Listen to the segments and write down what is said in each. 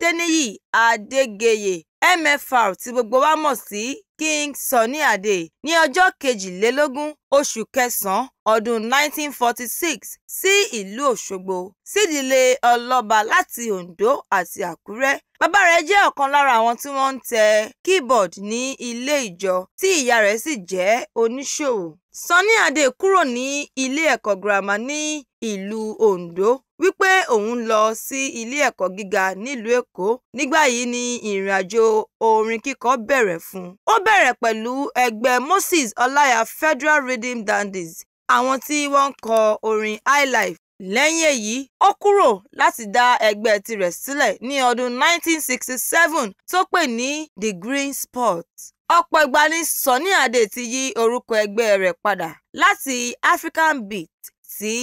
adẹniyí adégeyè mfr tí gbogbo wa mọ̀ sí king sunny adé ní ọjọ́ kejìlélógún oṣù kẹsàn ọdún 1946 sí ìlú Òṣogbo sídìílé ọlọ́ba láti Oǹdó àti Àkúrẹ́. Bàbá rẹ̀ jẹ́ ọ̀kan lára àwọn tí wọ́n ń tẹ keyboard ní ilé ìjọ tí ìyá rẹ̀ sì jẹ́ oníṣòwò. Sunny Adé kúrò ní ilé ẹ̀kọ́ girama ní ìlú Oǹdó wípé òun lọ sí ilé ẹ̀kọ́ gíga nílùú Èkó nígbà yìí ni ìrìn àjò orin kíkọ bẹ̀rẹ̀ fún un. Ó bẹ̀rẹ̀ pẹ̀lú ẹgbẹ́ Moses Ọláyà Federal Radio rhythm dandies àwọn tí wọ́n ń kọ orin highlife. lẹ́yìn èyí ó kúrò láti dá ẹgbẹ́ tirẹ̀ sílẹ̀ ní ọdún 1967 tó pè ní The Green Spot. ọ̀pọ̀ ìgbà ni Sunny Adé ti yí orúkọ ẹgbẹ́ rẹ̀ padà láti African Beat sí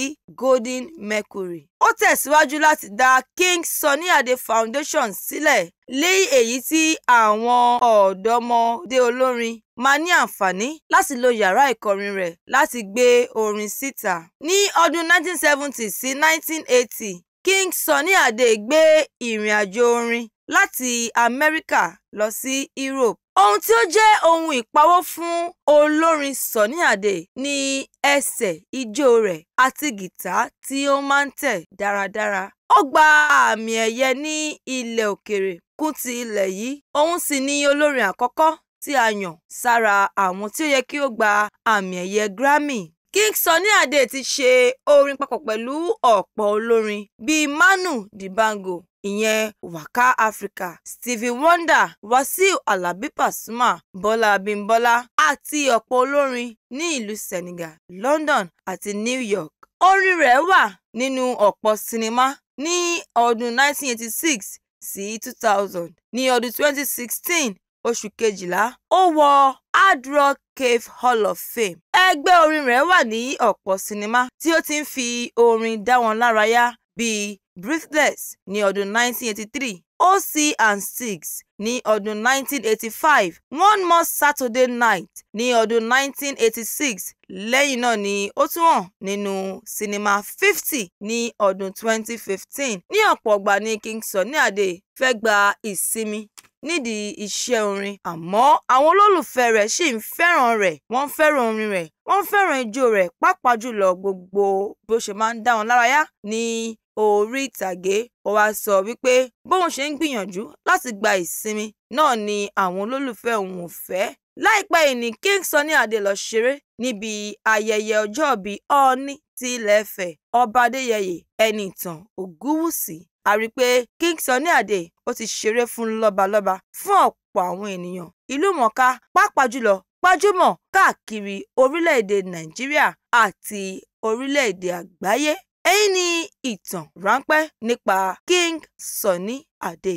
Golden Mercury. ó tẹ̀síwájú láti dá King Sunny Adé Foundation sílẹ̀ lé èyí tí àwọn ọ̀dọ́mọdé olórin máa ní àǹfààní láti lo yàrá ìkọrin rẹ̀ láti gbé orin síta. Ní ọdún 1970 sí 1980, King Sunny ade gbé ìrìn àjò orin láti Amẹ́ríkà lọ sí Europe. Ohun tí ó jẹ́ ohun ìpawó fún olórin Sunny Adé ni ẹsẹ̀ ijó rẹ̀ àti gìtá tí ó máa ń tẹ̀ dáradára. Ó gba àmì ẹ̀yẹ ní ilẹ̀ òkèrè kún ti ilẹ̀ yìí. Òun sì ni olórin àkọ́kọ́ tí a yàn sára àwọn tí ó yẹ kí ó gba àmì ẹ̀yẹ Grammy King Sunny Ade ti ṣe orin papọ̀ pẹ̀lú ọ̀pọ̀ olórin bíi Manu Dibango ìyẹn Waka Africa Stevie Wonder Wasiu Alabi Pasuma bola Abímbọ́lá àti ọ̀pọ̀ olórin ní ìlú Senegal London àti New York orin rẹ̀ wà nínú ọ̀pọ̀ sinimá ní ọdún 1986 sí 2000 ní ọdún 2016 oṣù kejìlá ó wọ hard rock cave hall of fame ẹgbẹ́ orin rẹ̀ wà ní ọ̀pọ̀ sinimá tí ó ti ń fi orin dá wọn lárayá bíi breathless ní ọdún 1983 OC and Six ní ọdún 1985 one more Saturday night ní ọdún 1986 lẹ́yìn náà ni ó tún hàn nínú sinimá 50 ní ọdún 2015 ní ọ̀pọ̀ ọgbà ní King Sunny Adé fẹ́ gba ìsinmi nídìí iṣẹ́ orin àmọ́ àwọn olólùfẹ́ rẹ̀ ṣì ń fẹ́ràn rẹ̀ wọ́n fẹ́ràn orin rẹ̀ wọ́n fẹ́ràn ijó rẹ̀ pàápàá jùlọ gbogbo bó ṣe máa ń dá wọn lárayá ní orí ìtàgé ó wá sọ wípé bóun ṣe ń gbìyànjú láti gba ìsinmi náà ni àwọn olólùfẹ́ òun ò fẹ́ láìpẹ́ yìí ni King Sunny Adé lọ ṣeré níbi ayẹyẹ ọjọ́bí Ọọ̀ni ti Ilé-Ifẹ̀ ọba Adéyẹyè Ẹnìtàn Ògúwùsì a rí i pé King Sunny Ade, ó ti ṣeré fún lọ́balọ́ba fún ọ̀pọ̀ àwọn ènìyàn ìlúmọ̀ọ́ká pàápàá jùlọ gbajúmọ̀ káàkiri orílẹ̀-èdè Nàìjíríà àti orílẹ̀-èdè àgbáyé. Èyí ni ìtàn ráńpẹ́ nípa King Sunny Ade.